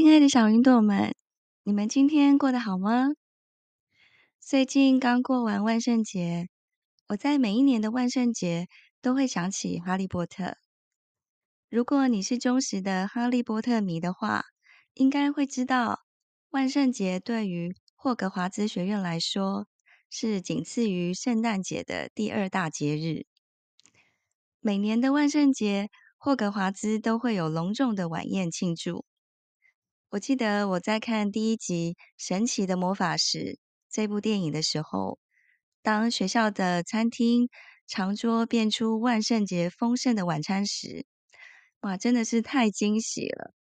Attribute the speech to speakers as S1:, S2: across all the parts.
S1: 親愛的小雲朵們，你們今天過得好嗎？最近剛過完萬聖節，我在每一年的萬聖節都會想起哈利波特。如果你是忠實的哈利波特迷的話，應該會知道，萬聖節對於霍格華茲學院來說是僅次於聖誕節的第二大節日。每年的萬聖節，霍格華茲都會有隆重的晚宴慶祝。我記得我在看第一集《神奇的魔法石》這部電影的時候，當學校的餐廳長桌變出萬聖節豐盛的晚餐時，哇，真的是太驚喜了！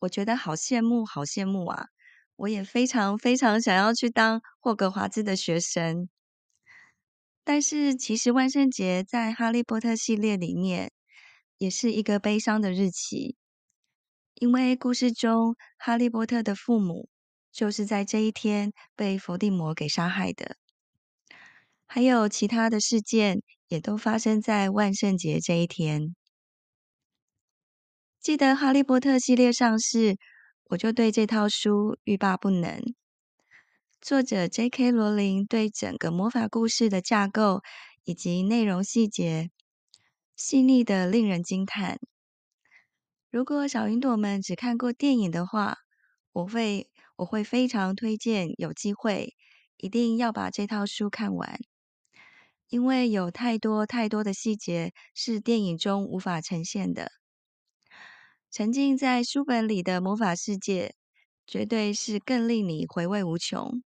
S1: 我覺得好羨慕，好羨慕啊！我也非常非常想要去當霍格華茲的學生。但是，其實萬聖節在《哈利波特》系列裡面也是一個悲傷的日期。因為故事中哈利波特的父母就是在這一天被伏地魔給殺害的，還有其他的事件也都發生在萬聖節這一天。記得哈利波特系列上市，我就對這套書欲罷不能。作者 J.K. 羅琳對整個魔法故事的架構以及內容細節，細膩的令人驚嘆。如果小雲朵們只看過電影的話，我會我會非常推薦，有機會一定要把這套書看完，因為有太多太多的細節是電影中無法呈現的。沉浸在書本裡的魔法世界，絕對是更令你回味無窮。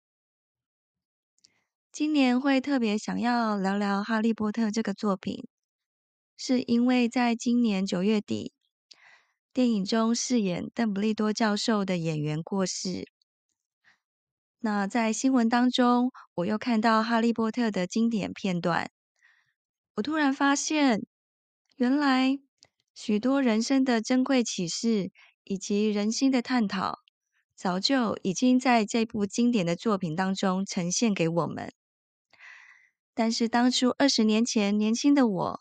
S1: 今年會特別想要聊聊《哈利波特》這個作品，是因為在今年九月底，電影中飾演鄧布利多教授的演員過世。那在新聞當中，我又看到《哈利波特》的經典片段，我突然發現，原來許多人生的珍貴啟示以及人心的探討，早就已經在這部經典的作品當中呈現給我們。但是當初二十年前年輕的我，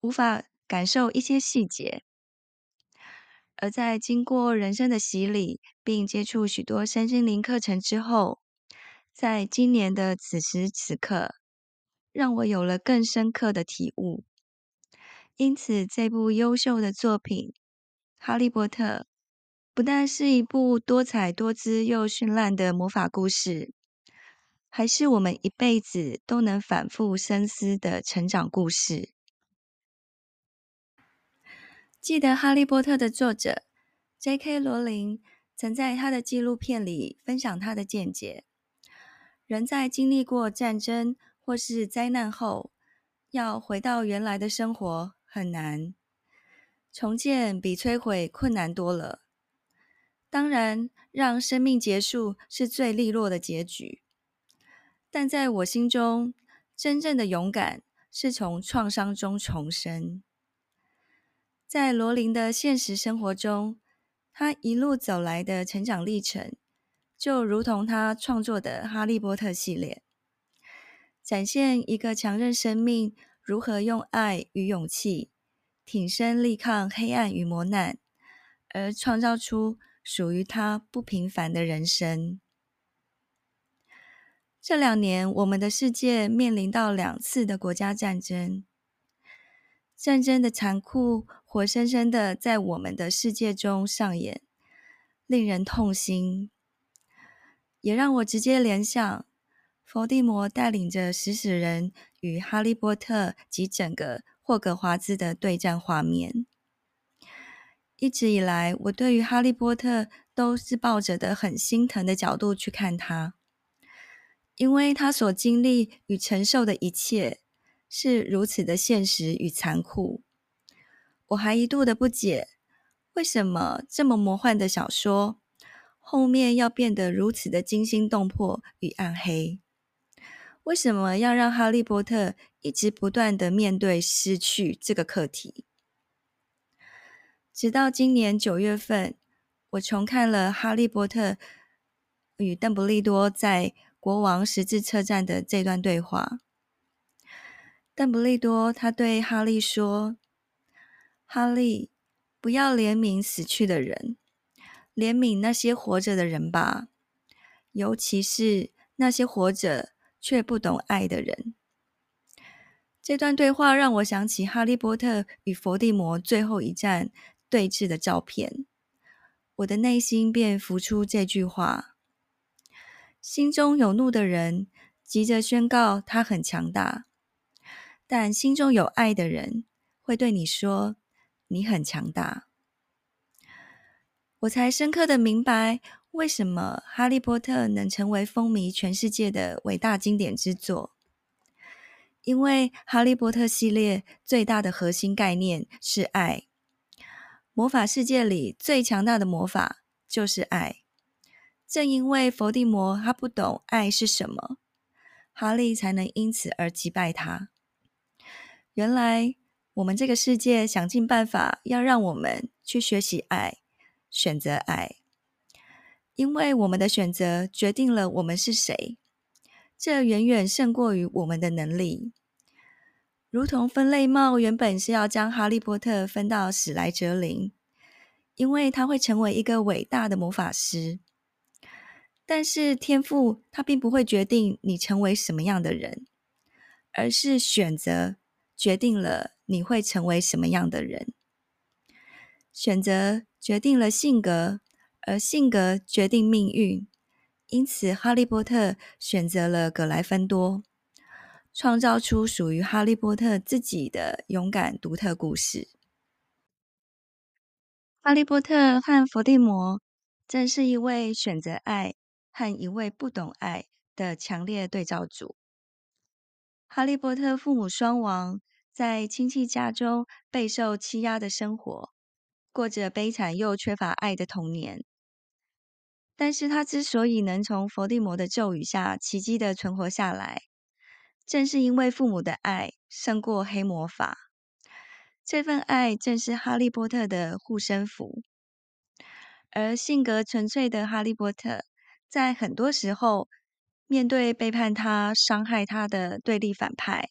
S1: 無法感受一些細節。而在經過人生的洗禮，並接觸許多身心靈課程之後，在今年的此時此刻，讓我有了更深刻的體悟。因此，這部優秀的作品《哈利波特》，不但是一部多彩多姿又絢爛的魔法故事，還是我們一輩子都能反復深思的成長故事。記得《哈利波特》的作者 J.K. 羅琳曾在他的紀錄片裡分享他的見解：人在經歷過戰爭或是災難後，要回到原來的生活很難，重建比摧毀困難多了。當然，讓生命結束是最利落的結局，但在我心中，真正的勇敢是從創傷中重生。在羅琳的現實生活中，她一路走來的成長歷程，就如同她創作的《哈利波特》系列，展現一個強韌生命如何用愛與勇氣挺身力抗黑暗與磨難，而創造出屬於她不平凡的人生。這兩年，我們的世界面臨到兩次的國家戰爭。戰爭的殘酷，活生生的在我們的世界中上演，令人痛心，也讓我直接聯想伏地魔帶領着食死人與哈利波特及整個霍格華茲的對戰畫面。一直以來，我對於哈利波特都是抱着的很心疼的角度去看他，因為他所經歷與承受的一切。是如此的現實與殘酷。我還一度的不解，為什麼這麼魔幻的小說後面要變得如此的驚心動魄與暗黑？為什麼要讓哈利波特一直不斷的面對失去這個課題？直到今年九月份，我重看了哈利波特與鄧布利多在國王十字車站的這段對話。鄧不利多，他對哈利說：“哈利，不要憐憫死去的人，憐憫那些活着的人吧，尤其是那些活着卻不懂愛的人。”這段對話讓我想起《哈利波特》與伏地魔最後一戰對峙的照片，我的內心便浮出這句話：“心中有怒的人，急着宣告他很強大。”但心中有愛的人會對你說：“你很強大。”我才深刻的明白，為什麼《哈利波特》能成為風靡全世界的偉大經典之作。因為《哈利波特》系列最大的核心概念是愛。魔法世界裡最強大的魔法就是愛。正因為伏地魔他不懂愛是什麼，哈利才能因此而擊敗他。原來，我們這個世界想盡辦法要讓我們去學習愛，選擇愛，因為我們的選擇決定了我們是誰。這遠遠勝過於我們的能力。如同分類帽原本是要將哈利波特分到史萊哲林，因為他會成為一個偉大的魔法師。但是天賦，他並不會決定你成為什麼樣的人，而是選擇。決定了你會成為什麼樣的人，選擇決定了性格，而性格決定命運。因此，哈利波特選擇了葛來分多，創造出屬於哈利波特自己的勇敢獨特故事。哈利波特和佛地魔正是一位選擇愛和一位不懂愛的強烈對照組。哈利波特父母雙亡，在親戚家中備受欺壓的生活，過着悲慘又缺乏愛的童年。但是他之所以能從佛地魔的咒語下奇蹟地存活下來，正是因為父母的愛勝過黑魔法。這份愛正是哈利波特的護身符。而性格純粹的哈利波特，在很多時候，面對背叛他、傷害他的對立反派，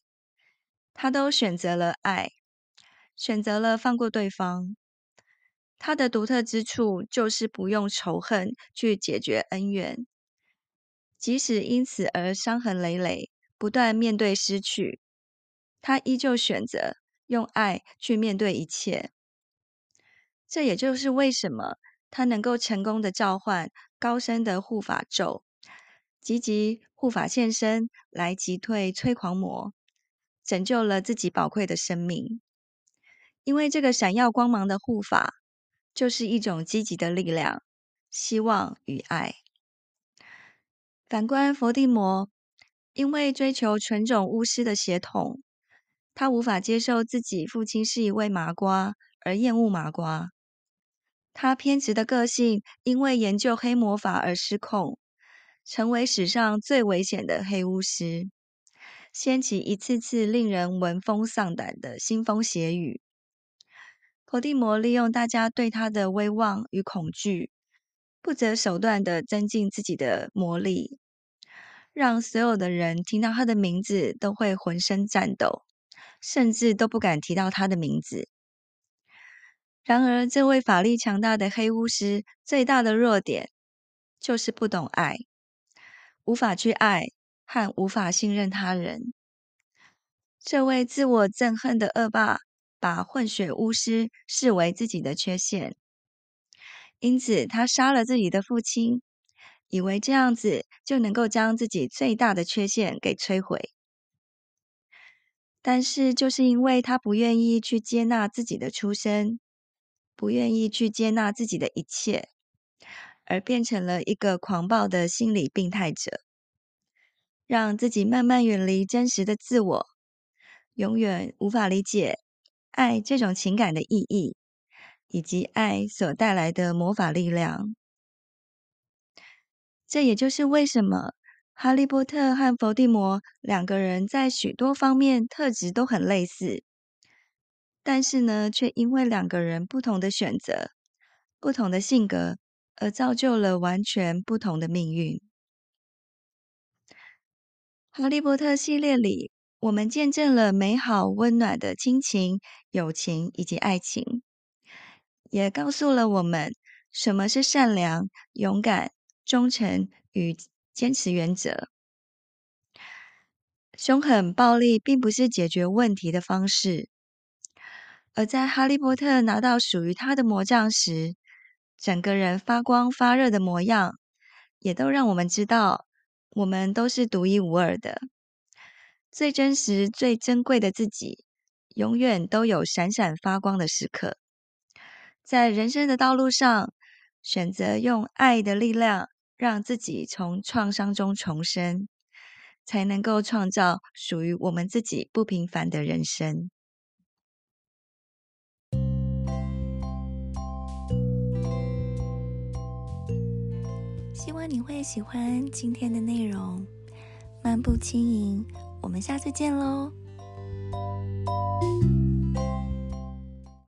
S1: 他都選擇了愛，選擇了放過對方。他的獨特之處就是不用仇恨去解決恩怨，即使因此而傷痕累累，不斷面對失去，他依舊選擇用愛去面對一切。這也就是為什麼他能夠成功的召喚高深的護法咒。積極護法現身來擊退催狂魔，拯救了自己寶貴的生命。因為這個閃耀光芒的護法，就是一種積極的力量、希望與愛。反觀佛地魔，因為追求純種巫師的血統，他無法接受自己父親是一位麻瓜，而厭惡麻瓜。他偏執的個性因為研究黑魔法而失控。成為史上最危險的黑巫師，掀起一次次令人聞風喪膽的腥風血雨。伏地魔利用大家對他的威望與恐懼，不擇手段地增進自己的魔力，讓所有的人聽到他的名字都會渾身顫抖，甚至都不敢提到他的名字。然而，這位法力強大的黑巫師最大的弱點，就是不懂愛。無法去愛和無法信任他人，這位自我憎恨的惡霸把混血巫師視為自己的缺陷，因此他殺了自己的父親，以為這樣子就能夠將自己最大的缺陷給摧毀。但是，就是因為他不願意去接納自己的出身，不願意去接納自己的一切。而變成了一個狂暴的心理病態者，讓自己慢慢遠離真實的自我，永遠無法理解愛這種情感的意義，以及愛所帶來的魔法力量。這也就是為什麼哈利波特和伏地魔兩個人在許多方面特質都很類似，但是呢，卻因為兩個人不同的選擇、不同的性格。而造就了完全不同的命運。《哈利波特》系列裡，我們見證了美好、溫暖的親情、友情以及愛情，也告訴了我們什麼是善良、勇敢、忠誠與堅持原則。凶狠、暴力並不是解決問題的方式。而在哈利波特拿到屬於他的魔杖時，整個人發光發熱的模樣，也都讓我們知道，我們都是獨一無二的，最真實、最珍貴的自己，永遠都有閃閃發光的時刻。在人生的道路上，選擇用愛的力量，讓自己從創傷中重生，才能夠創造屬於我們自己不平凡的人生。希望你會喜歡今天的內容，漫步輕盈。我們下次見嘍！